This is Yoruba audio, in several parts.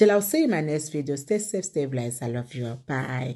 Till I'll see you in my next video. Stay safe, stay blessed. I love you. Bye.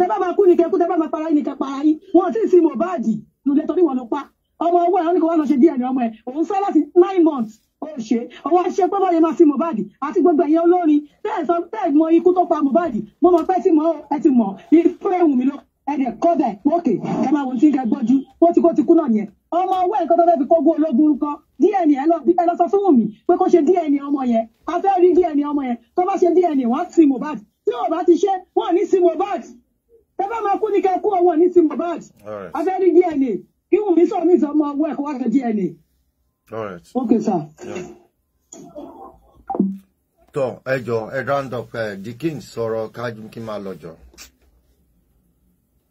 tẹ́ bá máa kú nìkẹ́ kú tẹ́ bá máa para nìkẹ́ para yín wọn ti sin Mohbad lulẹ̀ torí wọn ló pa ọmọ ọwọ́ ẹ̀ wọn ni kò wá lọ ṣe díẹ̀ ní ọmọ ẹ̀ òun fẹ́ láti nine months ó ṣe ọwọ́ ṣe pé báyẹn máa sin Mohbad àti gbogbo ẹ̀yẹ olórin tẹ́ ẹ̀ sọ tẹ́ ẹ̀ mọ ikú tó pa Mohbad mo mọ pé tí mọ ẹ ti mọ ìfẹ́ ìwùmí lọ ẹ̀dẹ̀ kọ́ bẹ̀ ókè ẹ máa wò ti ń gbọ́jú ó ti kó ti kú náà yẹn ọmọ owó ẹ̀kọ́ tó fẹ́ fi kógún ológun kan DNA ẹ lọ sọ fún Wùmí pé kó ṣe DNA ọmọ yẹn a fẹ́ rí DNA ọmọ yẹn tó bá ṣe DNA wọ́n sin Mohbad tí wọ́n bá ti ṣe wọ́n ní sin Mohbad ẹ bá máa kú ní kẹ́ kú ọwọ́ ní sin Mohbad a fẹ́ rí DNA kí Wùmí sọ mí sọ ọmọ owó ẹ̀kọ́ wá ṣe DNA. okay sir. tọ ẹ jọ ẹ round up eh, the king sọ̀rọ̀ kájú kí n máa lọ jọ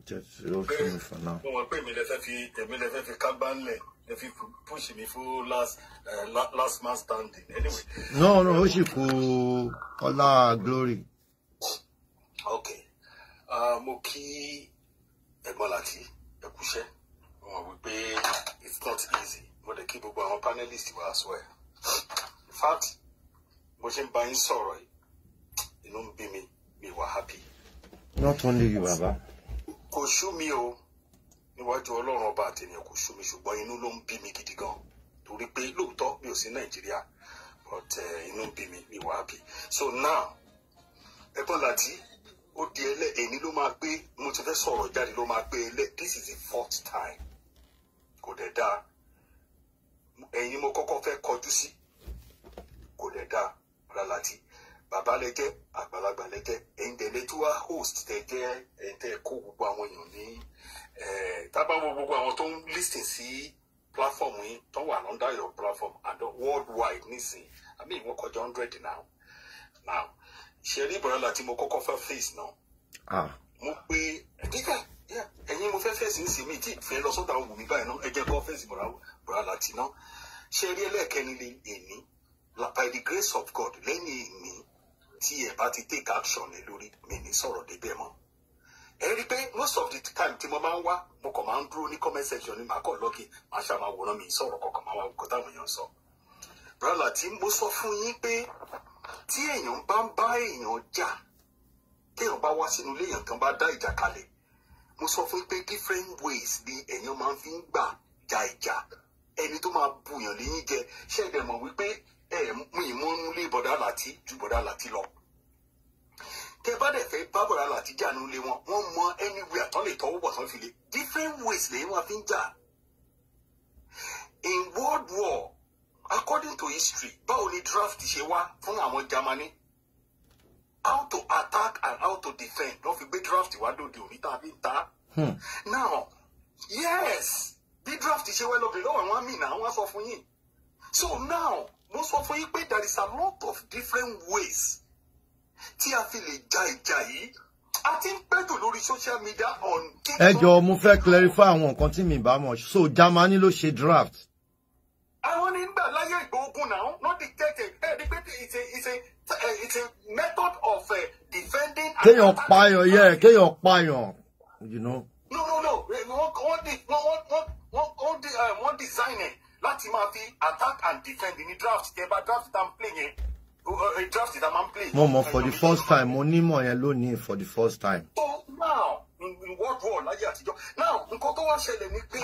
jẹ́ ó fún mi for now. mo mọ̀ pé èmi lẹ́fẹ́ fi èmi lẹ́fẹ́ fi kágbá ńlẹ̀ lè fi push mi fún last eh, last man standing anyway. no no ó sì kú ọlá glory. ok uh, mo kí ẹ̀gbọ́n láti ẹkúṣẹ́ mo wípé it's not easy mo lè kí gbogbo àwọn panelists wa as well in fact mo ṣe ń bá yín sọ̀rọ̀ yìí inú ń bí mi mi wà happy. not only you baba kò sú mi o níwájú ọlọ́run ọba àtẹnìyàn kò sú mi ṣùgbọ́n inú ló ń bí mi gidi gan torí pé lóòótọ́ mi ò sí nàìjíríà but eh, inú ń bí mi mi wàá bí so now ẹ̀gbọ́n láti ó di ẹlẹ́ èní ló máa gbé mo ti fẹ́ sọ̀rọ̀ jáde ló máa gbé ẹlẹ́ this is the fourth time kò dẹ̀ dáa ẹ̀yin mo kọ́kọ́ fẹ́ kọjú sí kò dẹ̀ dáa rárá láti bàbá lẹ jẹ́ àgbàlagbà lẹ ẹ̀yin tẹ̀lé tí wàá host tẹ jẹ́ ẹ̀yin tẹ̀ kó gbogbo àwọn èèyàn ní eh, tábàwọ̀ gbogbo àwọn tó ń listen sí platform yín tó wà under your platform and worldwide nísìnyí I mean wọ́n kọjá hundred now now ṣe rí ìbọ̀rọ̀lá tí mo kọ́kọ́ fẹ́ face náà ah. mo pe ẹ̀dígà ẹ̀yin mo fẹ́ fèsì ń sèmi tí ìfẹ́ lọ sọ́dọ̀ àwọn wùmí báyìí náà ẹ jẹ́ kó fèsì bọ̀rọ̀lá tì náà ṣe rí ẹlẹ́ẹ̀kẹ́ni lè ní by the grace of God lẹ́yìn èmi tí ẹ bá ti take action lé lórí mi ní sọ̀rọ̀ débẹ̀ mọ́ ẹ rí i pé most of the time tí mo máa ń wá mo kàn máa ń dúró ní comment section ni màá kọ̀ lọ́kì màá ṣáà máa wòran mi sọ̀rọ̀ kọ̀ọ̀kan máa wá nǹkan táwọn èèyàn sọ. brother tí mo sọ fún yín pé tí èèyàn bá ń bá èèyàn jà téèyàn bá wá sínú ilé èèyàn kan bá dá ìjà kalẹ̀ mo sọ fún yín pé different ways ni èèyàn máa ń fi ń gbà ja ìjà ẹni tó máa buyàn léyìn jẹ ṣẹ́ẹ̀dẹ̀ ẹ mú ìmọ̀nú bọ̀dá láti ju bọ̀dá láti lọ tẹ bá dẹ̀ fẹ́ bá bọ̀dá láti jà nù lé wọn wọ́n mọ anywhere tán lè tọ́wọ́ bọ̀ tán fi lé different ways lè wọn fi ń jà in world war according to history báwo ni draft ṣe wá fún àwọn Germany how to attack and how to defend lọ́ fi gbé draft wá lóde òní tá a fi ń ta hmm. now yes bí draft ṣe wẹ́ lọ́bìnrin lọ́wọ́ wọn mìíràn wọn sọ fún yín so now mo sọ fún yín pé there is a lot of different ways tí a fi lè ja ìjà yìí a ti ń pẹ́jù lórí social media on TikTok. ẹ jọ mo fẹ́ clarify àwọn nǹkan tí mi bá mọ̀ so Germany ló ṣe draft. àwọn nígbà láyé ìgbógun náà not the tech ẹ ní pé it's a it's a it's a method of uh, defending. kéèyàn pààyàn yẹ kéèyàn pààyàn. You know? no no no wọ́n wọ́n wọ́n wọ́n design it láti máa fi attack and defend ní draft tẹ bá draft tá play yẹn draft tá máa n play. mo mọ for the first time mo nímọ̀ yẹn lónìí for the first time. so now in world war láyé àtijọ́ now nǹkan tó wá ṣẹlẹ̀ ni pé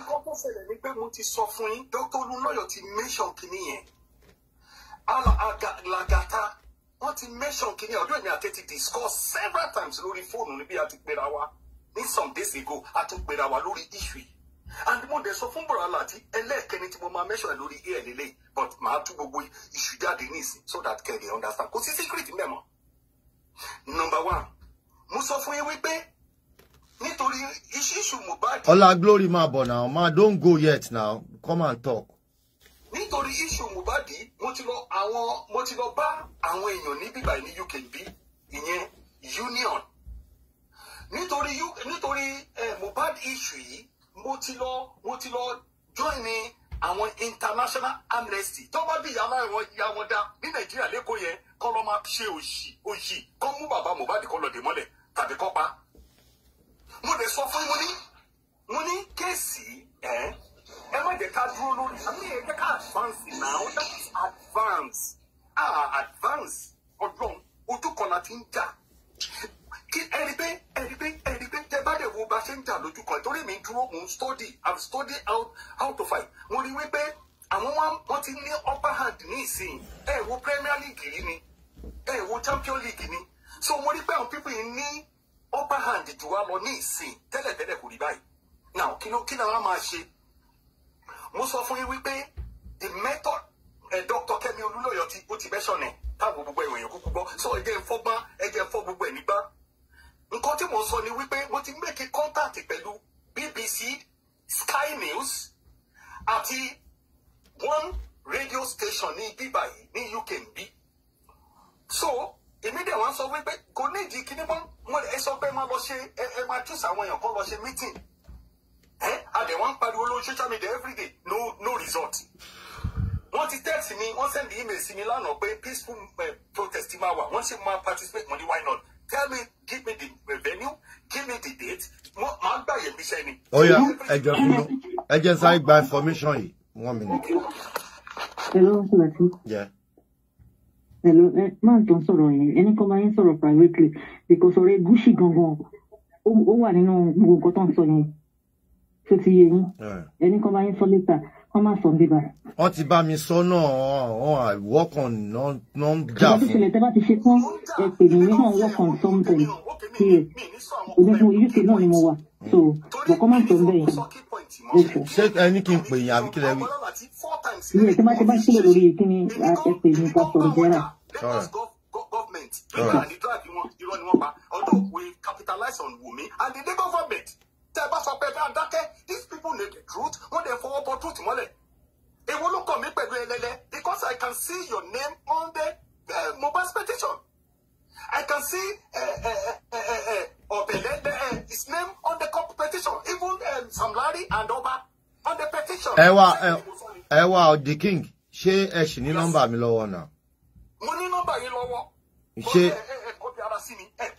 nǹkan tó ṣẹlẹ̀ ni pé mo ti sọ fún yín Dr. Olúnlọ́yọ̀ ti mention kìíní yẹn alàgàtà wọ́n ti mention kìíní ọ̀dọ́ èmi àti discuss several times lórí fóònù níbi àti pera wa ní some days ago a tún gbéra wa lórí issue and mo dẹ̀ sọ fún bọ̀rọ̀lá àti ẹlẹ́ẹ̀kẹni tí mo máa mẹ́sọ̀ lórí air lélẹ̀ but màá tú gbogbo issue jáde nísìn so that kẹ́ni understand kò sí secret mẹ́mọ́ number one mo sọ fún yín wípé nítorí issue Mohbad. ọlá glory máa bọ̀ náà máa don go yet now come and talk. nítorí issue Mohbad mo ti lọ àwọn mo ti lọ bá àwọn èèyàn ní bíbá ní UK bí ìyẹn union nítorí nítorí eh, Mohbad issue yìí mo ti lọ mo ti lọ join ní àwọn international amnesty tó bá bí ìyá máa ya wọn dá ní nàìjíríà lẹ́kọ̀ọ́ yẹn kọ́ lọ́ máa ṣe òṣì òṣì kọ́ mú bàbá Mohbad kọ́ lọ́ọ́ dè mọ́lẹ̀ tàbí kọ́ pa mo lè sọ fún mo ní mo ní kéèsì ẹ ẹ má jẹ ká dúró lórí àmì ẹ jẹ ká advance now that is advance ah advance ọdún ojú kan la ti ń jà kí ẹni pé ẹni pé ẹni pé tẹ bá dẹ̀ wo bá ṣe ń jà lójú torí mi dúró mo ń study i'm study out how to fight mo rí wípé àwọn wọn ti ní upper hand ní ìsìn ẹ wo premier league yìí ni ẹ wo champion league ni so mo rí pé àwọn pípì ní upper hand jù wá lọ ní ìsìn tẹ́lẹ̀tẹ́lẹ̀ kò rí báyìí now kí ló kí làwọn máa ṣe mo sọ fún yín wípé the method ẹ eh, dr Kẹ́mi Olúlọ̀yọ̀ ti ó ti mẹsàn ẹ táwọn gbogbo ìròyìn kúkú gbọ́ so ẹ jẹ́ ń fọgbọ́n ẹ jẹ́ ń fọ gbogbo ẹ nígbà nǹkan tí mo sọ ni wípé mo ti make contact pẹ̀lú BBC Sky News àti one radio station ní bíbá yìí ní UK níbí so èmi dẹ̀ wá sọ wípé kò ní ìdí kíní mọ́ wọn ẹ sọ pé ẹ máa lọ ṣe ẹ ẹ máa jùsà àwọn èèyàn kan lọ ṣe meeting ẹ adẹ̀ wọ́n ń pariwo lórí social media everyday no no result wọ́n ti text mi wọ́n send email sí mi lánàá pé peaceful uh, protest máa wà wọ́n sì máa participate mo ní why not tell me give me the venue give me the date máa gbà yẹn mi sẹ́ni. ó yá ẹ jẹ́ fún un ẹ jẹ́ sáré gba information yìí one minute. hello Selassie. Yeah. hello ẹ máa tán sọ̀rọ̀ yẹn ẹni privately because ọ̀rẹ́ gúúsì gangan ó wà nínú gbogbo nǹkan tó ń sọ yẹn tó ti wọ́n máa sọ bí báyìí. wọ́n ti bá mi sọ náà wọ́n àwọ̀kàn náà ń jà fún. ìjọba ìṣẹ̀lẹ̀ tẹ́ bá ti ṣe tán ẹ pè mí nígbà wọ́kàn sọ́ńtẹ̀ kí ẹ onígun uk náà ni mo wà so bọ̀kọ́ máa ń sọ bẹ́ẹ̀ yẹn. ṣé ẹni kí n pè yín àbí kí lẹ wí. ilé ìtẹ́ bá ti bá sílẹ̀ lórí kí ni ẹ pè mí sọ̀rọ̀ jẹ́ra. government. Right. Right tẹ bá sọ pé bá dákẹ́ these people need the truth wọ́n dẹ̀ fọwọ́ bọ truth mọ́lẹ̀ èwo ló kàn mí pẹ̀lú ẹlẹ́lẹ́ because I can see your name on the uh, Mohbad's petition I can see ọ̀bẹ̀lẹ́lẹ́ uh, uh, uh, his name on the petition even um, Sam and Oba on the petition. ẹ wá ẹ wá ọdí king ṣé ẹ ṣì ní nọ́mbà mi lọ́wọ́ náà. mo ní nọ́mbà yín lọ́wọ́. ṣé ẹ ẹ kọ́ bí ara sí mi ẹ eh,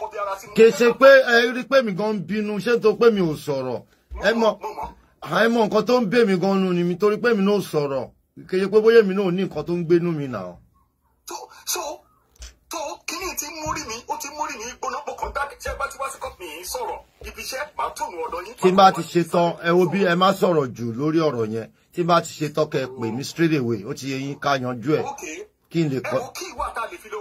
kì í ṣe pé ẹ rí pé mi gan ń bínú ṣé tó pé mi ò sọ̀rọ̀ ẹ mọ̀ ẹ mọ̀ nǹkan tó ń bè mí gan nù ni mi torí pé mi náà sọ̀rọ̀ kì í ṣe pé bóyá mi náà ní nǹkan tó ń gbénú mi nà. tó so tó kíní ti múrí mi o ti múrí mi gbóná pọ̀ kàn dákẹ́ bá ti wá sí kọ́pì yìí sọ̀rọ̀ ibi iṣẹ́ màá tó nù ọ̀dọ̀ yín. tí n bá ti ṣe tán ẹ wo bí ẹ má sọ̀rọ̀ jù lórí ọ̀rọ̀ yẹn tí n bá ti ṣe tán kẹ pè mí straight away ó ti yẹ yín ká yanjú ẹ kí n lè kọ. ẹ wo kí ìwà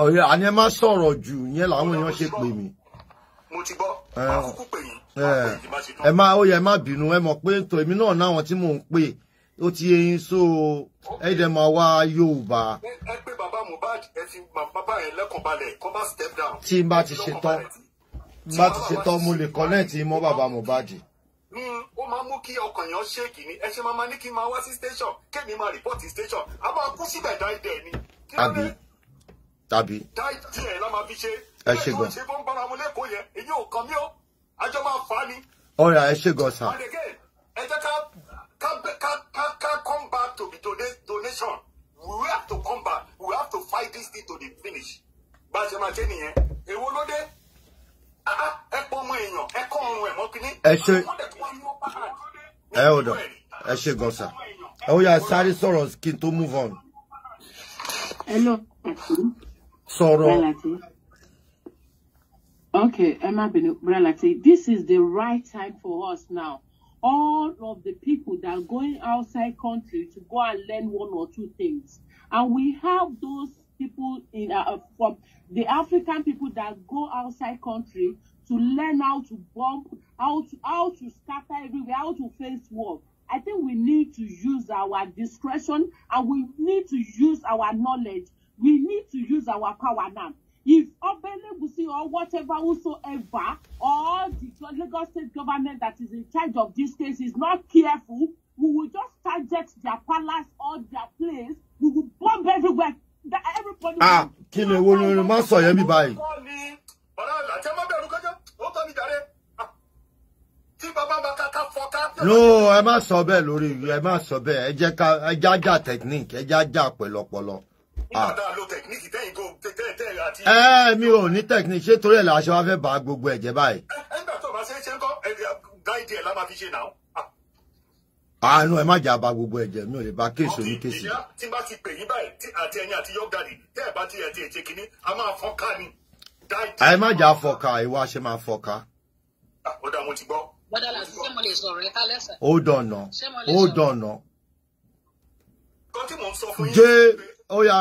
ọ̀rẹ́ àní ẹ má sọ̀rọ̀ jù yẹn làwọn èèyàn ṣe pè mí. mo ti gbọ́ àkókò pè yín. ẹ má ó yẹ má bínú ẹ mọ̀ pé tó èmi náà náwọn tí mò ń pè ó ti yẹyin so ẹ dẹ̀ máa wá Yorùbá. ẹ pé bàbá Mohbad ẹ fi bàbá yẹn lẹ́kàn balẹ̀ kó má step down. tí n bá ti ṣe tán n bá ti ṣe tán mo lè connect mọ́ bàbá Mohbad hmm, ó máa mú kí ọkàn yẹn ṣéèkì ni ẹ ṣe máa ma ní kí n máa wá sí station kémi máa rìpọ́tì station a máa kú síbẹ̀ dáìdẹ̀ ni. àbí tàbí. táìtì ẹ̀ la máa fi ṣe. ẹ ṣe gan. ṣé fún bára mu lẹ́kọ̀ọ́ yẹn èyí ò kàn mí ó àjọ máa fà á ni. ọ̀rẹ́ ẹ ṣe gan sà. ẹ jẹ́ ká ká ká ká come back to the donation we have to come back we have to fight this thing to the finish. bá a ṣe máa ṣe nìyẹn èwo ló dé ah, ah, ẹ pọ ọmọ èèyàn ẹ kọ ọrùn ẹ mọ kínní. ẹ ṣe ẹ hold on ẹ ṣe gan sà ẹ ó yà sáré sọ̀rọ̀ kí n tó move on. hello. sọ̀rọ̀. Okay, Emma Benelati, this is the right time for us now. All of the people that are going outside country to go and learn one or two things. And we have those people in uh, uh from the African people that go outside country to learn how to bomb, how to how to scatter everywhere, how to face war. I think we need to use our discretion and we need to use our knowledge We need to use our power now. If Obelegusi or whatever, whosoever, or the Lagos state government that is in charge of this case is not careful, we will just target their palace or their place. We will bomb everywhere. That everybody. Ah, kí ni wo ni má sọ yẹn bí ah, No, ẹ má sọ bẹ́ẹ̀ lórí ẹ má sọ technique ejaja já já nígbà ah. tá a lo tẹkiníìkì tẹyìn go tẹyìn tẹyìn àti. ẹ mi ò ní tẹkiníìkì ṣé torí ẹ̀ la ṣe wá fẹ́ bà gbogbo ẹ̀ jẹ́ báyìí. ẹ nígbà tó o bá ṣe é ṣe ń kọ́ gáìdì ẹ̀ la máa fi ṣe náà. Ah. àánú ẹ má jà bà gbogbo ẹ̀ mi ò lè bà kéèsì oní kéèsì. tí bá ti pè yín báyìí àti ẹ̀yin àti yọgàdì tẹ ẹ bá ti ẹtì ẹjẹ kínní a máa fọká ni. ẹ má jà fọká ìwọ àṣẹ máa fọká. Ah, ó dà mo ti gbọ́. bọ́dà làásì ṣé mo lè sọ̀rọ̀ ẹ̀ ó yá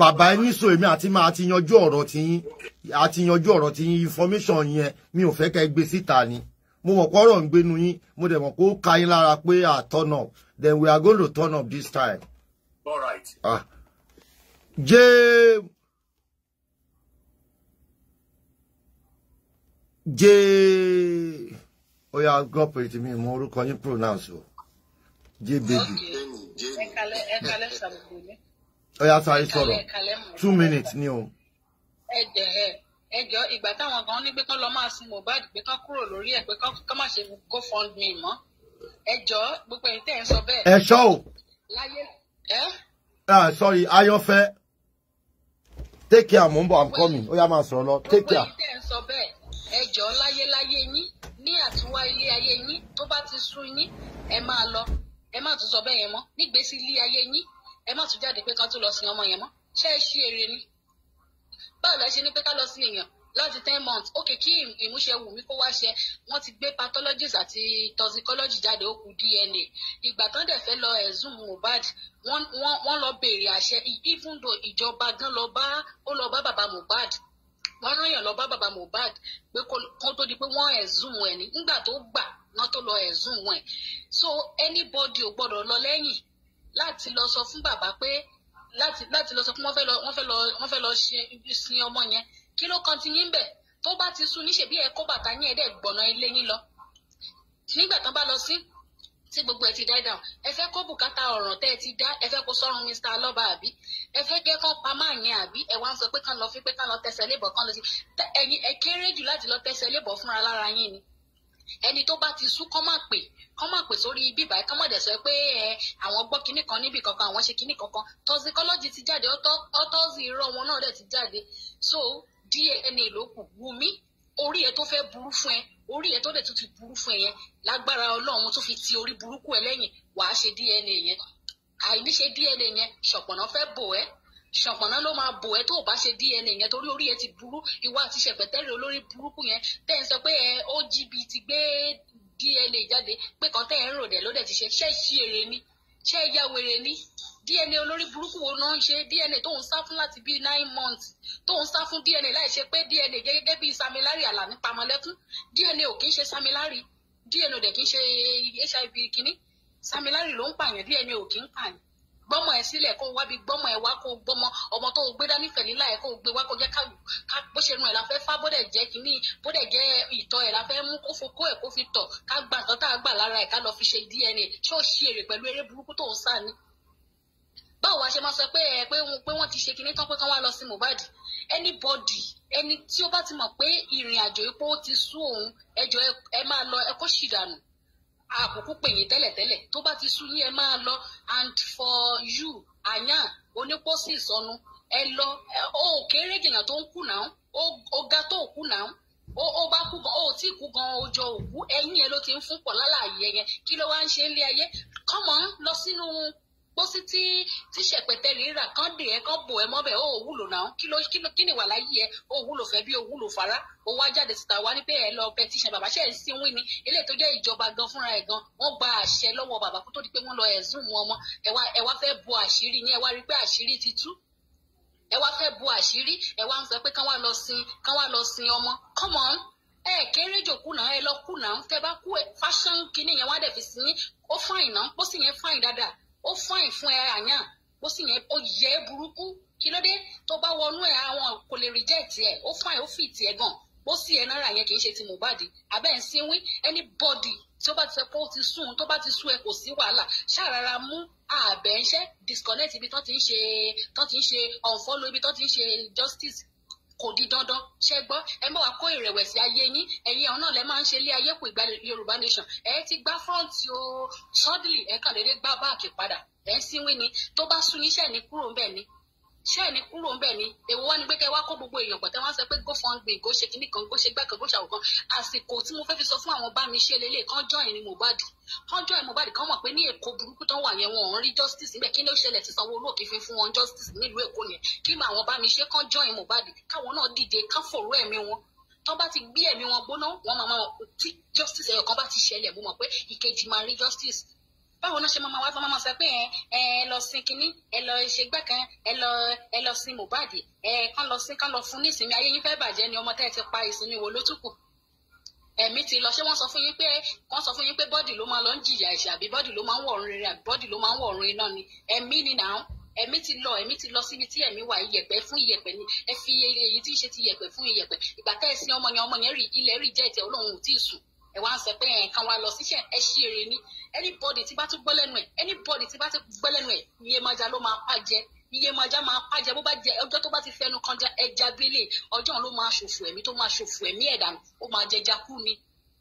bàbá ẹni sọ èmi àti máa ti yanjú ọ̀rọ̀ tiyín àti yanjú ọ̀rọ̀ tiyín information yẹn mi ò fẹ́ kẹ́ gbé síta ni mo mọ̀ pọ́rọ̀ ń gbénu yín mo dẹ̀ mọ̀ pé ka yín lára pé à turn up then we are going to turn up this time. all right. ah jẹ́ jẹ́ ó yá gbọ́ pé tèmi mo orúkọ yín pronounce o jẹ́ baby. Ẹ kalẹ́ ẹ kalẹ́ sàbùkù mi ọ̀yá sáré sọ̀rọ̀ two minutes new. o. ẹjọ ìgbà táwọn gan ní pé kán lọ máa sin Mohbad pé kán kúrò lórí ẹ pé kán má ṣe GoFundMe mọ́ ẹjọ gbogbo ẹ̀yin tẹ́ ẹ sọ bẹ́ẹ̀. ẹ ṣọ́ o. láyé ẹ. ah sorry ayọ̀fẹ́ take care mo ń bọ̀ i'm coming ó yá máa sọ̀rọ̀ lọ take care. gbogbo ẹ̀yin tẹ́ ẹ sọ bẹ́ẹ̀ ẹjọ láyéláyé yín ní àtúnwá ilé ayé yín tó bá ti sú yín ẹ máa lọ ẹ má tún sọ bẹ́ẹ̀ yẹn mọ́ nígbèésí ilé ayé yín ẹ má tún jáde pé kán tún lọ sin ọmọ yẹn mọ́ ṣé ẹ ṣú eré ni báwo lẹ ṣe ní pé ká lọ sin èèyàn láti ten months ok kí ìmúṣẹ wù mí kó wá ṣe wọ́n ti gbé pathologist àti toxicology jáde ó kù DNA ìgbà tán dẹ̀ fẹ́ lọ ẹ̀zùn Mohbad wọ́n lọ béèrè àṣẹ even though ìjọba gan lọ bá ó lọ bá bàbá Mohbad wọ́n rán yàn lọ bá bàbá Mohbad pé kó tó di pé wọ́n ẹ̀zùn ẹ̀ nígbà tó gbà wọ́n tó lọ ẹ̀zùn ẹ̀ so anybody ò gbọ́dọ̀ lọ lẹ́yìn láti lọ sọ fún bàbá pé láti láti lọ sọ pé wọ́n fẹ́ lọ wọ́n fẹ́ lọ wọ́n fẹ́ lọ sin ọmọ yẹn kí ló kan ti yín bẹ̀ tó bá ti sun níṣẹ́ bí ẹ kó bàtà yín ẹ dẹ̀ gbọ̀nà ilé yín lọ nígbà tán bá lọ sí tí gbogbo ẹ ti die down ẹ fẹ́ kó bùkátà ọ̀ràn tẹ́ ẹ ti dá ẹ fẹ́ kó sọ́run Mr. Aloba àbí ẹ fẹ́ jẹ́ kán pa máa yẹn àbí ẹ wá ń sọ pé kán lọ fi pé kán lọ tẹsẹ̀ lébọ̀ kán lọ sí ẹ̀yin ẹ kéré jù láti lọ tẹsẹ̀ lébọ̀ fúnra lára yín ni ẹni tó bá ti sú kọ́ máa pè kọ́ máa pè sórí bíbá ẹ̀ kọ́ máa dẹ̀ sọ pé ẹ àwọn gbọ́ kinní kan níbì kankan àwọn ṣe kinní kankan toxicology ti jáde autopsy irọ́ wọn náà dẹ̀ ti jáde so DNA ló kù Wùmí orí ẹ tó fẹ́ burú fún ẹ orí ẹ tó dẹ̀ tó ti burú fún ẹ yẹn lágbára Ọlọ́run tó fi ti orí burúkú ẹ lẹ́yìn wàá ṣe DNA yẹn àìníṣe DNA yẹn ṣọ̀pọ̀nà fẹ́ bò ẹ́ ṣànpọ̀nná ló máa bò ẹ́ tó o bá ṣe DNA yẹn torí orí ẹ ti burú ìwọ àti ṣẹ̀pẹ̀tẹ́rì olórí burúkú yẹn tẹ́ ẹ sọ pé ẹ ó jìbìtì gbé DNA jáde pé kan tẹ́ ẹ ń rò dẹ̀ ló dẹ̀ ti ṣe ṣẹ́ ṣí èrè ni ṣẹ́ ya wèrè ni DNA olórí burúkú wo náà ń ṣe DNA tó ń sá fún láti bíi nine months tó ń sá fún DNA láì ṣe pé DNA gẹ́gẹ́ bíi samilari àlàní pamọ́lẹ́kún DNA ò kì í ṣe samilari DNA ò dẹ̀ kì í ṣe HIV kìíní samilari ló ń pààyàn DNA ò kì í pààyàn gbọ́mọ ẹ sílẹ̀ kó wábi gbọ́mọ ẹ wá kó gbọ́mọ ọmọ tó gbé dání fẹ̀lí láyẹ̀ kó gbé wá kó jẹ́ ká bó ṣe nu ẹ̀ la fẹ́ fá bódẹ̀ jẹ́ kínní bódẹ̀ jẹ́ ìtọ̀ ẹ̀ la fẹ́ mú kó fokó ẹ̀ kó fi tọ̀ ká gba nǹkan tá a gbà lára ẹ̀ ká lọ fi ṣe DNA ṣé ó ṣe èrè pẹ̀lú eré burúkú tó ń sá ni báwo wá ṣe máa sọ pé ẹ pé wọ́n ti ṣe kinní tán pé kán wá lọ sí Mohbad anybody ẹni tí ó bá ti mọ̀ pé ìrìn àjò epo ti sú òun ẹjọ́ ẹ máa lọ ẹ kó ṣì dànù àkókò pè yín tẹ́lẹ̀tẹ́lẹ̀ tó bá ti sú yín ẹ máa lọ and for you àyàn onípòsí ìsọnu ẹ lọ ó kéré jìnnà tó ń kù náà ó ga tó kù náà ó bá kú gan ó tí kú gan ọjọ́ òkú ẹ̀yìn ẹ ló ti ń fún pọ̀ lálàyé yẹn kí ló wá ń ṣe ń lé ayé come lọ sínú pósí tí tí ṣẹpẹtẹ rírà kán dè ẹ kán bò ẹ mọbẹ ó wúlò náà kí ló kí ni wà láyé ẹ ó wúlò fẹ́ bí ó wúlò fara ó wá jáde síta wá ní pé ẹ lọ bẹ tíṣẹ bàbá ṣe ń sinwín ni eléyìí tó jẹ́ ìjọba gan fúnra ẹ̀ gan wọ́n gba àṣẹ lọ́wọ́ bàbá kó tó di pé wọ́n lọ ẹ̀sùn wọn mọ́ ẹ wá fẹ́ bo àṣírí ni ẹ wá rí pé àṣírí ti tú ẹ wá fẹ́ bo àṣírí ẹ wá ń sọ pé kán wá lọ sin ọmọ come on ẹ kéré jòkú náà ẹ lọ kú náà tẹ bá kú fashion kinní yẹn wá dẹ̀ fi sin ó fáìn náà pósí yẹn fáìn dáadáa ó fáìn fún ẹ àyàn ó sì yẹn ó yẹ é burúkú kí ló dé tó bá wọnú ẹ àwọn kò lè reject ẹ ó fáìn ó fi tiẹ̀ gan bó sì ẹ náírà yẹn kì í ṣe ti Mohbad abẹ́ ń sin wí anybody tí ó bá ti sọ pé ó ti sùn tó bá ti sùn ẹ kò sí wàhálà ṣàrara mú àbẹ̀ńṣẹ́ disconnect ibi tó ti ń ṣe tó ti ń ṣe unfollow ibi tó ti ń ṣe justice kò di dandan ṣe gbọ́ ẹ mọ̀ wá kó ìrẹ̀wẹ̀sì ayé yín ẹ̀yin àwọn náà lẹ máa ń ṣe ilé ayé kò ìgbà yorùbá nation ẹ ti gbá front o suddenly ẹ kàn déédéé gbá báàkì padà ẹ ń ni tó bá sún iṣẹ́ ní kúrò ń bẹ̀ ni ṣé ò ní kúrò ńbẹ̀ ni èwo wá ni pé kẹ́ wá kó gbogbo èèyàn pọ̀ tẹ́ wọ́n sọ pé go fund me go ṣe kinní kan go ṣe gbá kan go ṣàwò kan àsìkò tí mo fẹ́ fi sọ fún àwọn bá mi ṣe lélẹ̀ kan join ni Mohbad kan join Mohbad kan mọ̀ pé ní Èkó burúkú tán wà yẹn wọn ò ń rí justice níbẹ̀ kí ló ṣẹlẹ̀ tí Sanwó-Olú òkè fi fún wọn justice nílùú Èkó yẹn kí mà àwọn bá mi ṣe kan join Mohbad káwọn náà dìde kán fòró ẹ̀mí wọn tán bá ti gbé ẹ̀mí wọn gbóná wọn máa máa justice ẹ̀yọ̀ kan bá ti ṣẹlẹ̀ mo mọ̀ pé ìkejì máa rí justice báwo náà ṣe máa wá tán máa sọ pé ẹ ẹ lọ sin kínní ẹ lọ ṣe gbẹ́ kan ẹ lọ ẹ lọ sin Mohbad ẹ kán lọ sin kán lọ fún nísìnyí ayé yín fẹ́ bàjẹ́ ni ọmọ tẹ́ ẹ ti pa ìsinmi wo ló tún kù ẹ̀mí ti lọ ṣé wọ́n sọ fún yín pé wọ́n sọ fún yín pé bọ́dì ló máa lọ ń jìyà ẹ̀ṣẹ̀ àbí bọ́dì ló máa ń wọ̀run rere àbí bọ́dì ló máa ń wọ̀run iná ni ẹ̀mí ni nà án ẹ̀mí ti lọ ẹ̀mí ti lọ síbi tí ẹ̀mí wà iyẹ̀pẹ̀ fún iyẹ̀pẹ̀ ni ẹ fi èyí tí ń ṣe ti iyẹ̀pẹ̀ fún iyẹ̀pẹ̀ ìgbà tẹ́ ẹ sin ọmọ yẹn ọmọ yẹn rí ilẹ̀ rí jẹ́ ìtẹ̀ olóhùn ò tí ì sùn ẹ wá ń sọ pé ẹ̀ẹ̀kan wa lọ síṣẹ́ ẹ ṣí eré ní anybody tí bá tún gbọ́ lẹ́nu ẹ̀ anybody tí bá tún gbọ́ lẹ́nu ẹ̀ Iyemaja ló máa pa jẹ Iyemaja máa pa jẹ bó bá jẹ ọjọ́ tó bá ti fẹnu kan já ẹja bílẹ̀ ọjọ́ ló máa ṣòfò ẹ̀mí tó máa ṣòfò ẹ̀mí ẹ̀dá ó máa jẹja kú ni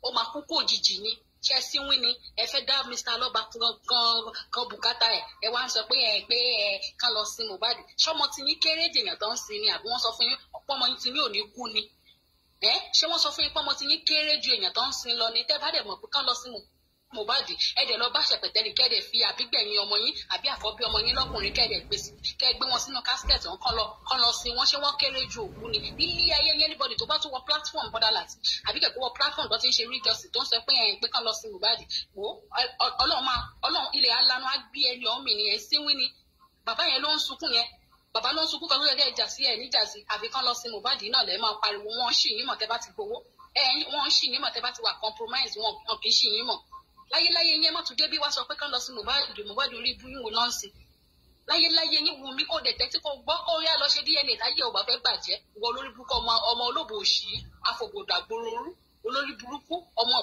ó máa kú kó òjijì ni ṣe síwín ni ẹ fẹ́ dá Mr Lọ́ba kan bùkátà ẹ̀ ẹ wá ń sọ pé ẹ pé ẹ kán lọ sí Mohbad ṣọmọ ti ní kéré dèèyàn tó ń sin ni àbí wọ́n sọ fún yín ọ̀pọ̀ ọmọ yín ti ní òní kú ni ẹ ṣé wọ́n sọ fún yín pé ọmọ ti yín kéré ju èèyàn tó ń sin lọ ni tẹ́ bá dẹ̀ mọ̀ pé kán lọ sí mu Mohbad ẹdẹ lọ bá ṣẹpẹtẹrì kẹdẹ fi àbígbẹ̀yìn ọmọ yín àbí àkọ́bí ọmọ yín lọ́kùnrin kẹdẹ gbèsè kẹgbẹ wọn sínú casket ọhún kán lọ kán lọ sí wọn ṣé wọ́n kéré ju òkú ni nílé ayé yẹn níbọdì tó bá tún wọ platform borderlands àbí kẹkọọ wọ platform tó ti ń ṣe ríjọsì tó ń sọ pé ẹyìn pé kán lọ sí Mohbad wò Ọlọ́run máa Ọlọ́run ilẹ̀ alanu á gbé ẹni ọmọ ènìyàn síwìn ni bàbá yẹn ló ń sunkún yẹn bàbá ló ń sunkún kan lórí ẹjà sí ẹ níjà sí àfi kán lọ sí Mohbad náà lẹ máa pariwo wọn ṣì yín mọ̀ tẹ́ bá ti gbowó ẹ wọn ṣì yín mọ̀ tẹ́ bá ti wà compromise wọn wọn kì í ṣì yín mọ̀ láyéláyé yẹn má tún dé bí wàá sọ pé kán lọ sí Mohbad Mohbad orí ibú yín wò náà sí láyéláyé yín wù mí kò dẹ̀tẹ́ tí kò gbọ́ kó yá lọ ṣe DNA táyé ọgbà fẹ́ bàjẹ́ wọ lórí burúkú ọmọ ọmọ olóbò òṣì àfọ̀gbọ̀dà gbòòrò olórí burúkú ọmọ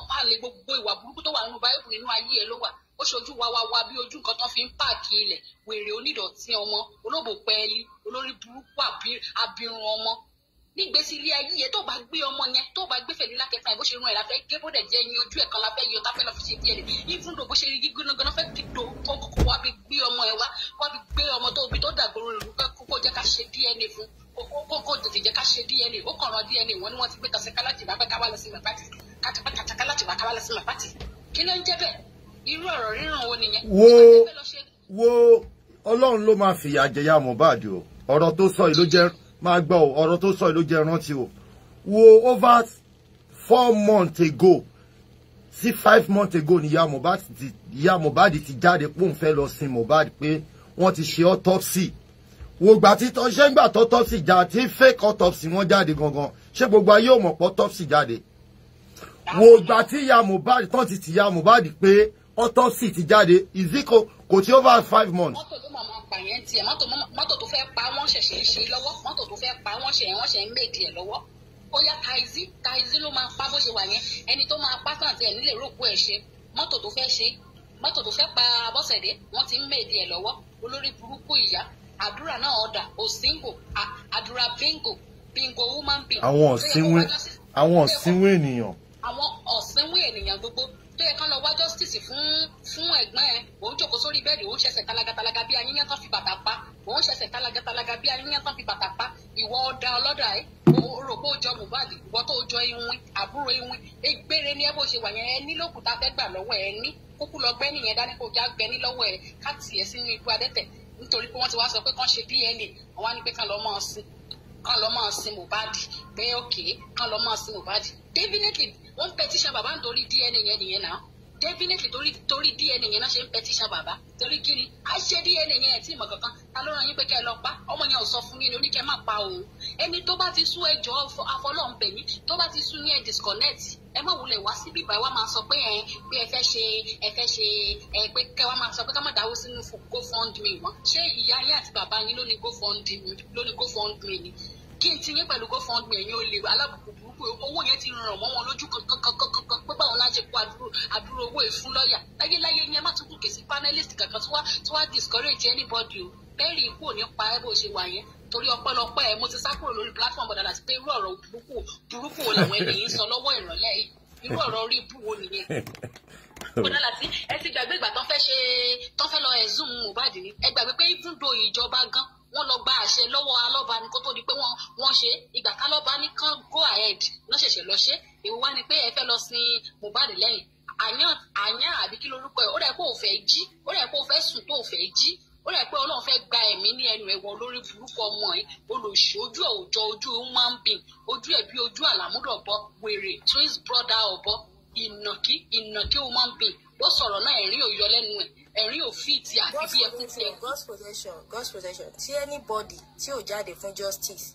ọ̀pá ó ṣojú wa wa wa bí ojú nǹkan tán fi ń páàkì ilẹ̀ wèrè onídọ̀tí ọmọ olóbò pẹ́ẹ́lí olórí burúkú abirun ọmọ nígbèsí ilé ayé yẹn tó bá gbé ọmọ yẹn tó bá gbé fèlú lákẹta yẹn bó ṣe rún ẹ la fẹ́ gé bó dẹ jẹ ẹyin ojú ẹ kan la fẹ́ yọ táfẹ lọ fi ṣe díẹ̀ ni even though bó ṣe rí gígbóná ganan fẹ́ kìdó kókó wá bí gbé ọmọ ẹ wá wá bí gbé ọmọ tó bí tó dàgbòrò rẹ lùkọ kókó jẹ ká ṣe DNA fún kókó tètè jẹ ká ṣe DNA ó kàn rán DNA wọn ni wọn ti gbé kàṣẹ kálátì bá pẹ káwá lọ sí màpátì irú ọ̀rọ̀ rírùn wo nìyẹn. wo wo ọlọ́run ló máa fìyà jẹyà Mohbad o ọ̀rọ̀ tó sọ yìí ló jẹ́ máa gbọ́ o ọ̀rọ̀ tó sọ yìí ló jẹ́ rántí o wo over four months ago sí five months ago ni ìyá Mohbad ti ìyá Mohbad ti jáde pòun fẹ́ lọ sin Mohbad pé wọ́n ti ṣe autopsy wo gbà tí ṣé ń gbà tọ́tọ́psì jà tí fake autopsy wọn jáde gangan ṣé gbogbo ayé ò mọ̀ pọ́ autopsy jáde wo gbà tí ìyá Mohbad tán ti tìyá Mohbad pé autopsy ti jáde Iziko kò tí over five months. mọ́tò tó màmá pa yẹn tiẹ̀ mọ́tò tó fẹ́ pa wọ́n ṣẹ̀ṣẹ̀ ń ṣe lọ́wọ́ mọ́tò tó fẹ́ pa wọ́n ṣẹ̀ wọ́n ṣẹ̀ ń mèdì ẹ̀ lọ́wọ́ ó yá taizi taizi ló máa pa bó ṣe wà yẹn ẹni tó máa pa sàn tiẹ̀ nílé rògbò ẹ̀ ṣe mọ́tò tó fẹ́ ṣe mọ́tò tó fẹ́ pa Abọ́sẹ̀dé wọ́n ti ń mèdì ẹ̀ lọ́wọ́ olórí burúkú ìyá àdúrà náà ọ̀dà òsíngò àdúrà bíngò bíngò woman bíngò. àwọn ọ̀sìnwé àwọn ọ̀sìnwé ènìyàn. àwọn ọ̀sìnwé ènìyàn gbogbo tó yẹ kán lọ wá justice fún fún ẹ̀gbọ́n ẹ̀ òun jòkó sórí bẹ́ẹ̀dì òun ṣẹ̀ṣẹ̀ tálágàtálágà bí ayíyán tán fi bàtà pa òun talaga tálágàtálágà bí ayíyán tán fi bàtà pa ìwọ ọ̀dà ọlọ́dà ẹ̀ rò pé ó jọ Mohbad ìwọ tó jọ iwin àbúrò iwin egbére ni ẹ bó ṣe wà yẹn ẹ ní lókùtà fẹ́ gbà lọ́wọ́ ẹ ní kúkú lọ gbẹ́ nìyẹn dání kó já gbẹ́ ní lọ́wọ́ ẹ káàtì ẹ sínú ikú adẹ́tẹ̀ nítorí pé wọ́n ti wá sọ pé kán ṣe DNA àwọn á ní pé kán lọ́ mọ́ ọ sí kán lọ máa sin Mohbad pé òkè kán lọ máa sin Mohbad definitely wọ́n petition bàbá nítorí DNA yẹn nìyẹn náà definitely torí torí DNA yẹn náà ṣe ń petition bàbá torí kí ni a ṣe DNA yẹn tí ìmọ̀ kankan ta ló ràn yín pé kẹ́ ẹ lọ pa ọmọ yẹn ò sọ fún yín ni oníkẹ́ má pa òun ẹni tó bá ti sú ẹjọ́ afọlọ́ǹbẹ̀ yín tó bá ti sú yín disconnect ẹ má wulẹ̀ wá síbi ìgbà wa máa sọ pé ẹ pé ẹ fẹ́ ṣe ẹ fẹ́ ṣe ẹ pé kẹ wa máa sọ pé ká má dáwó sínú GoFundMe wọn ṣé ìyá yín àti bàbá yín ló ní GoFundMe ló ní GoFundMe ni linking yín pẹ̀lú GoFundMe ẹ̀yin olè alábùkù burúkú owó yẹn ti ràn mọ́ wọn lójú kankankankan pé báwọn láti kó àdúró owó ìfún lọ́ọ̀yà láyéláyé ni ẹ má tún gòkè sí panelist kankan tí wá tí wá discourage anybody o bẹ́ẹ̀rì ikú ò ní pa ẹ́ bó ṣe wà yẹn torí ọpẹ́lọpẹ́ ẹ mo ti sá kúrò lórí platform bọ̀dà àti pé irú ọ̀rọ̀ burúkú burúkú wo làwọn ènìyàn sọ lọ́wọ́ ìrọ̀lẹ́ yìí irú ọ̀rọ̀ orí ibú wo nìyẹn kódà láti ẹ ti gbàgbé ìgbà tó fẹ́ ṣe tó fẹ́ lọ ẹ̀ zoom Mohbad ni ẹ gbàgbé pé even though ìjọba gan wọ́n lọ gba àṣẹ lọ́wọ́ alọ́ba ni kó tó di pé wọ́n wọ́n ṣe ìgbà kálọ́ba ní kán go ahead náà ṣẹ̀ṣẹ̀ lọ ṣe èwo wá ni pé ẹ fẹ́ lọ sin Mohbad lẹ́yìn àyàn àyàn àbí kí lorúkọ ẹ ó rẹ̀ pé ò fẹ́ jí ó rẹ̀ pé ò fẹ́ sùn tó ò fẹ́ jí ó rẹ̀ pé ọlọ́run fẹ́ gba ẹ̀mí ní ẹnu ẹ̀wọ̀n lórí burúkú ọmọ ẹ̀ olùṣe ojú ẹ̀ ojú human being ojú ẹ̀ bí ojú àlámúdọ̀bọ wèrè twins brother ọ̀bọ ìnàkí ìnàkí human being ló sọ̀rọ̀ náà ẹ̀rín òyọ lẹ́nu ẹ̀ ẹ̀rín òfin ti àti bí ẹkún ti ẹkún. God's protection God's protection tí anybody tí ò jáde fún justice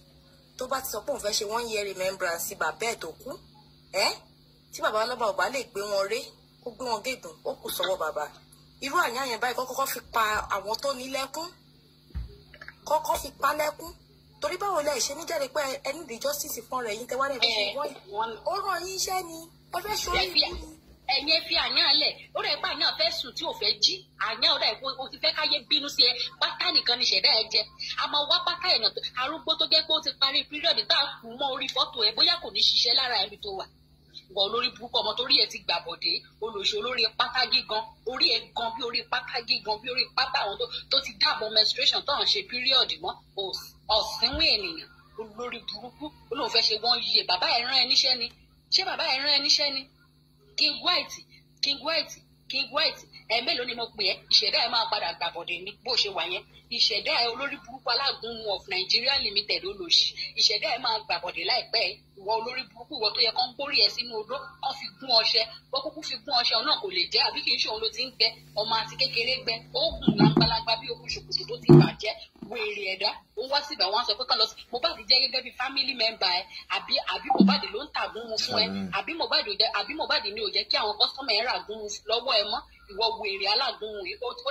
tó bá ti sọ pé òun fẹ́ ṣe one year remembrance sí bàbá ẹ̀ tó kú ẹ́ tí bàbá ọlọ́ba ọba lè gbé wọn ré kó gbé wọn gégùn ó kù sọ́wọ́ bàbá irú àyàn yẹn báyìí kọ́kọ́ fi pa àwọn tó ní lẹ́kún kọ́kọ́ fi pa lẹ́kún torí báwo lẹ ṣe ní jáde pé ẹni di justice fún ọ̀rẹ́ yín tẹ wá lẹ fẹ́ ṣe wọn eh, ó ràn yín iṣẹ́ ni ẹ fẹ́ ṣorí ìlú ni ẹ̀yin fi àyàn lẹ̀ ó rẹ̀ pé àyàn fẹ́ sùn tí ò fẹ́ jí àyàn ó o ti fẹ́ káyé bínú sí ẹ pátá nìkan ni ṣẹ̀dá ẹ jẹ àmọ́ wá pátá ẹ̀nà arúgbó tó jẹ́ pé ó ti parí pírọ̀dì tá a kù mọ́ orí fọ́tò ẹ bóyá kò ní ṣiṣẹ́ lára ẹni tó wà wọ lórí burúkú ọmọ torí ẹ ti gbà bọ̀dé olùṣe olórí pátá gígan orí ẹ gan bí orí pátá gígan bí orí pátá àwọn tó ti dáàbò menstruation tó ń ṣe pírọ̀dì mọ́ ọ̀sìnwó ènìyàn olórí burúkú olóòfẹ́ ṣe wọ́n yíye bàbá ẹ̀ rán ẹ níṣẹ́ ni ṣé bàbá ẹ̀ rán ẹ níṣẹ́ ni King White King White King White ẹ̀ẹ́mẹ́lò ni mo pè ẹ́ ìṣẹ̀dá ẹ̀ máa padà gbàbọ̀dẹ̀ ní bó ṣe wà yẹn ìṣẹ̀dá ẹ̀ olórí burúkú alágún of Nigeria limited olóṣì ìṣẹ̀dá ẹ̀ máa gbàbọ̀dẹ̀ láìpẹ́ ìwọ olórí burúkú ìwọ tó yẹ kán gbórí ẹ sínú odó kán fi gún ọṣẹ bó kúkú fi gún ọṣẹ náà kò lè jẹ àbí kì í ṣe òun ló ti ń gbẹ ọmọ àti kékeré gbẹ ó gùn lágbàlagbà bí okùn ṣòkòtò tó ti bàjẹ́ wèrè ẹ̀dá ó wá síbẹ̀ wọ́n sọ pé kàn lọ sí Mohbad jẹ́ gẹ́gẹ́ bí family member ẹ àbí àbí Mohbad ló ń tàgún mu fún ẹ mm-hmm. àbí Mohbad ò jẹ́ àbí Mohbad ni ò jẹ́ kí àwọn kọ́sọ́mọ̀ ẹ̀ ràgún mu lọ́wọ́ ẹ mọ́ ìwọ wèrè alágún mu ó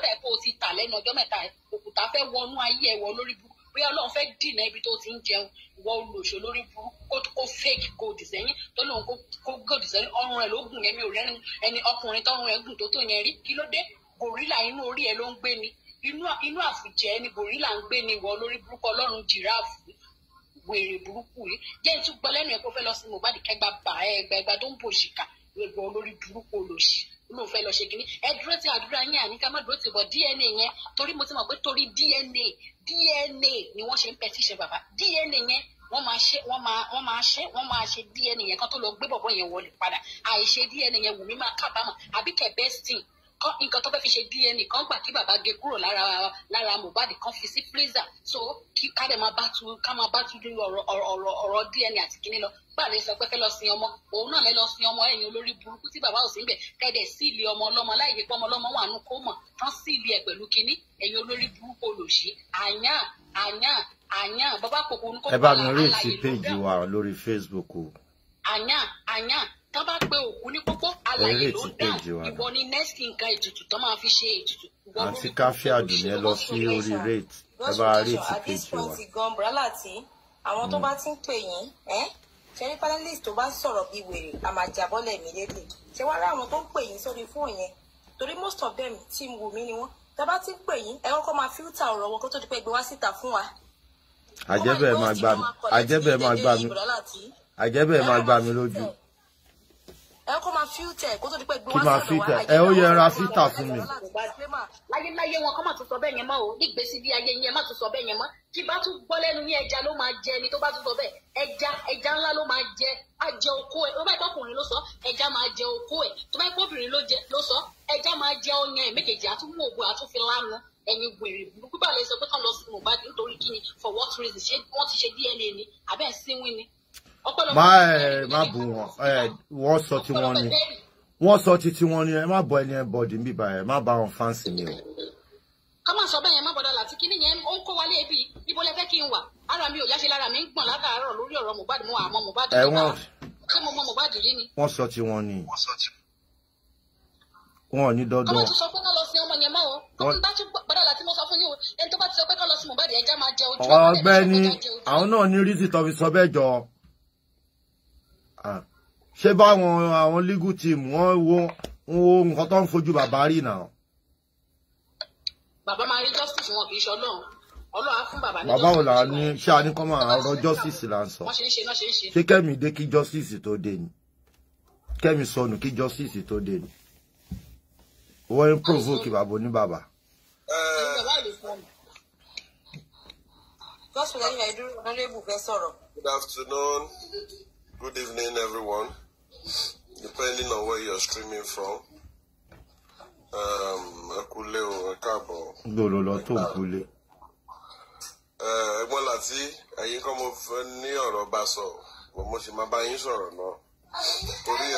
dẹ̀ kó o ti tà lẹ́nu ọjọ́ mẹ́ta òkúta fẹ́ wọnú ayé ẹ wọ lórí burúkú bóyá ọlọ́run fẹ́ dìnà ibi tó ti ń jẹun ìwọ olùṣọ lórí burúkú kó fake gold sẹ́yìn tó lóun kó gold sẹ́yìn ọrùn rẹ̀ ló gùn ẹ̀mí ò rẹ́rìn ẹni ọkùnrin tọrùn rẹ̀ gùn tó tó yẹn rí kí ló dé gòrílà inú orí ẹ̀ ló ń gbé ni inú inú àfùjẹ ni gorilla ń gbé ni wọ lórí burúkú ọlọ́run jìráàfù wèrè burúkú yìí jẹ́ ìtúgbọ́ lẹ́nu ẹ̀ kó fẹ́ lọ sí Mohbad kẹgbà bà ẹ́ ẹgbà ẹgbà tó ń bò ṣìkà wọ lórí burúkú olóṣì ló fẹ́ lọ ṣe kínní ẹ dúró tí àdúrà yín àníká má dúró ti bọ̀ DNA yẹn torí mo ti mọ̀ pé torí DNA DNA ni wọ́n ṣe ń petition bàbá DNA yẹn wọ́n máa ṣe wọ́n máa wọ́n máa ṣe wọ́n máa ṣe DNA yẹn kan tó lọ gbé bọ̀bọ̀ yẹn wọlé padà àìṣe DNA yẹn wù mí máa kábàámọ̀ àbí kẹ̀ bẹ́sìn nǹkan tó fẹ́ fi ṣe DNA kan gbà kí bàbá gé kúrò lára lára Mohbad kan fi sí freezer so kí ká dẹ̀ máa bá tu ká máa bá tu lórí ọ̀rọ̀ ọ̀rọ̀ ọ̀rọ̀ DNA àti kíní lọ gbà lè sọ pé fẹ́ lọ sin ọmọ òun náà lè lọ sin ọmọ ẹ̀yìn olórí burúkú tí bàbá ò sí níbẹ̀ kẹ́dẹ̀ sí ilé ọmọ ọlọ́mọ láìyé pé ọmọ ọlọ́mọ wà nù kó mọ̀ tán sí ilé ẹ̀ pẹ̀lú kíní ẹ̀yìn olórí burúkú olòṣì àyàn àyàn àyàn bàbá kòkòrò kòkòrò tó bá pe òkú ní pópó àlàyé ló ń dà ìwọ ni nǹkan ètùtù tó máa fi ṣe ètùtù. àti káfí àdùnní lọ sí orí rate ẹ bá rate péjì wa. àwọn tó hmm. bá ti ń pè yín ṣẹ́rí panelist tó bá sọ̀rọ̀ bíi wèrè àmàjàbọ́lẹ̀ mi lédè ṣé wàá rí àwọn tó ń pè yín sórí fóònù yẹn torí most of them tí wù mí ni wọ́n tẹ́ bá ti ń pè yín ẹ kọ́kọ́ máa fíltà ọ̀rọ̀ wọn kó tó di pé gbé wá síta fún wa. àjẹbẹ máa gbà mí àjẹbẹ máa gbà mí lójú ẹ kó máa fíútẹ̀ kó tó di pé gbé wá sọ̀rọ̀ wá ayé ẹ ó yẹ ra fítà fún mi. láyéláyé wọn kọ́ máa tún sọ bẹ́ẹ̀ yẹn mọ́ o nígbèsí bí ayé yẹn má tún sọ bẹ́ẹ̀ yẹn mọ́ kí bá tún gbọ́ lẹ́nu yín ẹja ló máa jẹ ẹni tó bá tún sọ bẹ́ẹ̀ ẹja ẹja ńlá ló máa jẹ ajẹ oko ẹ tó bá yẹ kọkùnrin ló sọ ẹja máa jẹ oko ẹ tó bá yẹ ló sọ ẹja máa jẹ ọyàn ẹ méjèèjì àtúnwò ògùn àtúnfi lánàá ẹ̀yin wèrè gbígbà lè sọ pé kàn lọ sí Mohbad nítorí kí ni for what reason ṣé wọ́n ti ṣe DNA ni àbẹ́ẹ̀ sínwín ni má má bù wọn wọn sọ tí wọn ni wọn sọ títí wọn ni ẹ má bọ ẹni ẹ bọdì ń bíbá ẹ má bá wọn fáǹsì mi o. ká má sọ bẹ́ẹ̀ yẹn má bọ̀dọ̀ láti kí nìyẹn ó ń kó wálé ibi ibo lẹ fẹ́ kí n wà ara mi ò yá ṣe lára mi ń gbọ̀n látàárọ̀ lórí ọ̀rọ̀ Mohbad mo àmọ́ Mohbad nípa ṣé mo mọ Mohbad rí ni. wọ́n sọ tí wọ́n ni wọn ò ní dọ́dọ̀. ọmọ tó sọ pé kán lọ sí ọmọ yẹn mọ́ o bá tún bá tó fi Ah. ṣé báwọn àwọn legal team wọ́n wo nǹkan tó ń fojú bàbá rí náà. bàbá máa rí justice wọn kì í ṣe ọlọ́run fún bàbá ní justice. bàbá wo ní ṣé a ní kọ́ máa ọ̀rọ̀ justice là ń sọ ṣé kẹ́mi dé kí justice tó dé ni kẹ́mi sọnù kí justice tó dé ni wọ́n ń provoke bàbá ní bàbá. Good afternoon. Good evening, everyone, depending on where you're streaming from. Um, ẹ kúlé o, ẹ káàbọ̀. Gbòòrò lọ tó kúlé. Ẹ̀gbọ́n láti ẹ̀yin see mo fẹ́ ní ọ̀rọ̀ bá sọ, but most of my yín sọ̀rọ̀ náà. Torí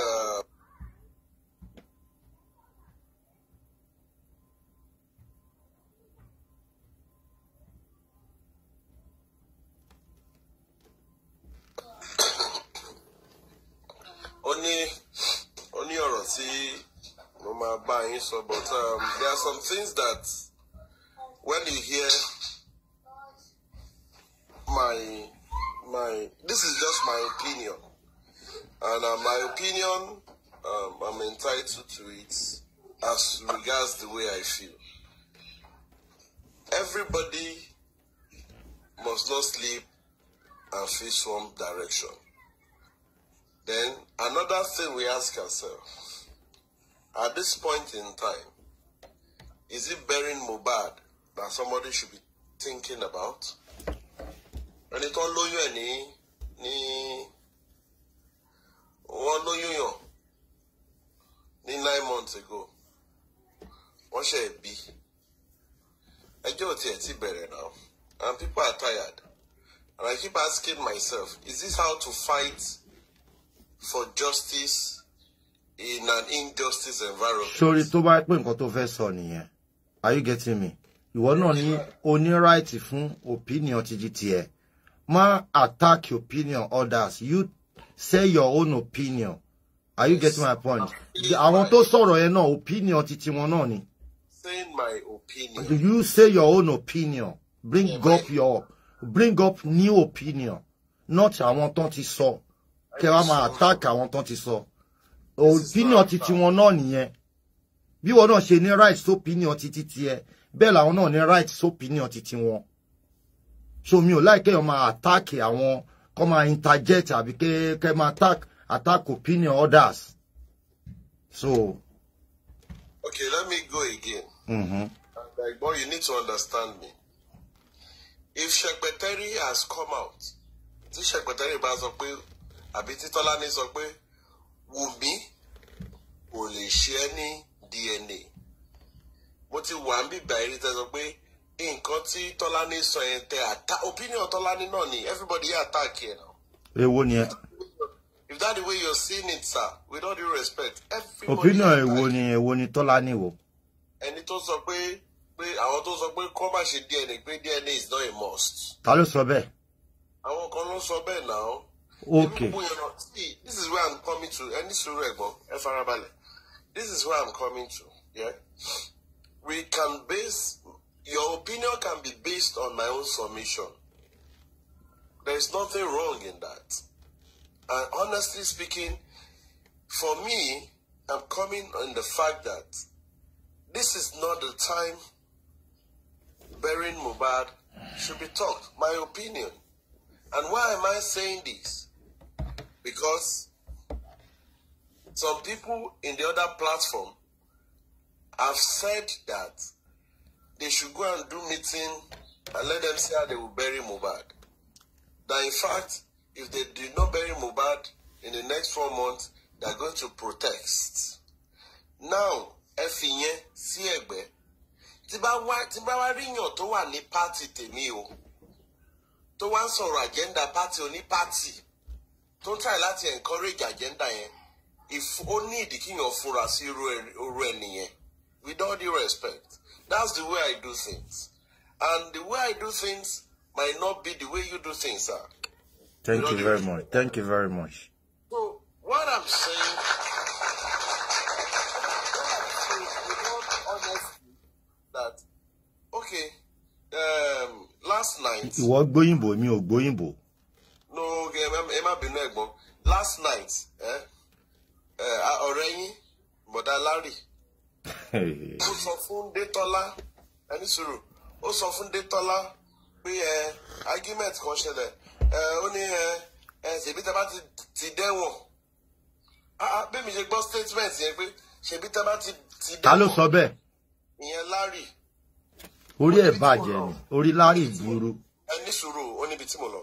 so, but um, there are some things that when you hear my my this is just my opinion, and uh, my opinion um, I'm entitled to it as regards the way I feel. Everybody must not sleep and face one direction. Then another thing we ask ourselves At this point in time, is it burying Mobad that somebody should be thinking about? And it all ẹ̀ ní ní wọ́n lóyún yàn ní nine months ago What wọ́n ṣe bí ẹjọ́ ò tiẹ̀ ti better now and people are tired and I keep asking myself is this how to fight for justice? in an injustice environment. sórí tó bá pé nǹkan tó fẹ́ sọ nìyẹn are you getting me ìwọ náà ní o ní right fún opinion ti tiẹ̀ má attack opinion others you say your own opinion are you yes. getting my point àwọn tó sọ̀rọ̀ yẹn náà opinion ti tiwọn náà ni. saying my opinion. Do you say your own opinion bring yeah, up my... your bring up new opinion not àwọn tán ti sọ kẹ wá máa attack àwọn tán ti sọ. So opinion ti tiwọn náà nìyẹn bí wọn náà ṣe ní right sí opinion ti ti tiẹ̀ bẹ́ẹ̀ làwọn náà ní right sí opinion ti tiwọn so mi ò like kéèyàn máa attack àwọn kó máa interject àbí kẹ́ máa attack attack opinion others so. okay let me go again. Mm-hmm. like boy you need to understand me if Secretary has come out tí Shekpeteri bá sọ pé àbí tí Tọ́lání sọ pé. Wùnmí kò lè ṣe ẹ́ ní DNA mo ti wà ń bìgbà eré tẹ́ sọ pé nǹkan tí Tọ́lání sọ yẹn tẹ àtà opinion Tọ́lání náà ni everybody yẹ attack yẹn náà. èwo ni ẹ. if that the way you're seeing it sir with all due respect everybody. opinion èwo ni èwo ni Tọ́lání wò. ẹni tó sọ pé pé àwọn tó sọ pé kọ́ má ṣe DNA pé DNA is not a must. ta ló sọ bẹ́ẹ̀. àwọn kan ló sọ bẹ́ẹ̀ náà. Okay. See, this is where I'm coming to. And this is where I'm coming to. Yeah. We can base your opinion can be based on my own submission. There is nothing wrong in that. And honestly speaking, for me, I'm coming on the fact that this is not the time burying Mubad should be talked. My opinion. And why am I saying this? because some people in the other platform have said that they should go and do meeting and let them see how they will bury Mubad. That in fact, if they do not bury Mubad in the next four months, they are going to protest. Now, ẹ fi yẹn sí ẹ̀gbẹ́ tí ni party ríyàn tó wà ní pátì tèmi o tó wá ń sọ̀rọ̀ àjẹ́ndà pátì oní pátì tó ń tàyè láti encourage agenda yẹn ó ní ìdí kíyàn fura sí irú ẹnìyẹn with all due respect that's the way I do things and the way I do things might not be the way you do things sir. thank you, very much thank you very much. so what I'm saying. that okay um, last night. ìwọ gbóyìnbó mi ò gbóyìnbó n'oge ẹ má bínú ẹ̀gbọ́n last night ọ̀rẹ́ yín bọ̀dá larry ó sọ fún detola ẹni sùúrù ó sọ fún detola pé ẹ argument kan ṣẹlẹ̀ ẹ ó ní ẹ ẹ ṣèbí tẹ bá ti dẹ́wọ̀n bẹ́ẹ̀ mi ṣe gbọ́ statement yẹn pé ṣèbí tẹ bá ti dẹ́wọ̀n. ta ló sọ bẹ́ẹ̀. ìyẹn larry. orí ẹ̀ bàjẹ́ ni orí larry burú. ẹ ní sùúrù ó níbi tí mo lọ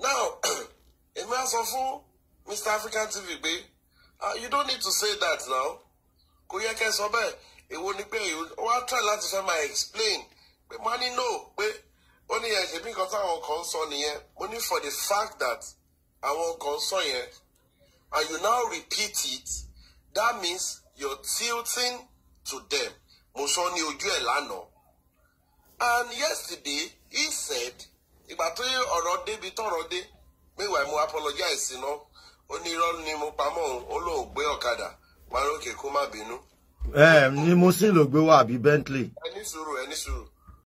now èmi á sọ fún Mr African TV pé uh, you don't need to say that now kò yẹ kẹ́ sọ bẹ́ẹ̀ èwo ni pé wàá try láti fẹ́ máa explain pé má ní no pé ó ní ẹ̀ṣẹ̀ bí nǹkan táwọn kan sọ nìyẹn mo ní for the fact that àwọn kan sọ yẹn and you now repeat it that means you're tilting to them mo sọ ní ojú ẹ̀ lánàá and yesterday he said ìgbà tó ọ̀rọ̀ débi tọ̀rọ̀ dé méwàá mo apologize iná ó ní irọ́ ni mo pamọ́ òun ó lóun gbé ọ̀kadà marókè kó má bínú. ẹ ní mo sì lò gbé wá àbí Bentley. ẹni sùúrù ẹni sùúrù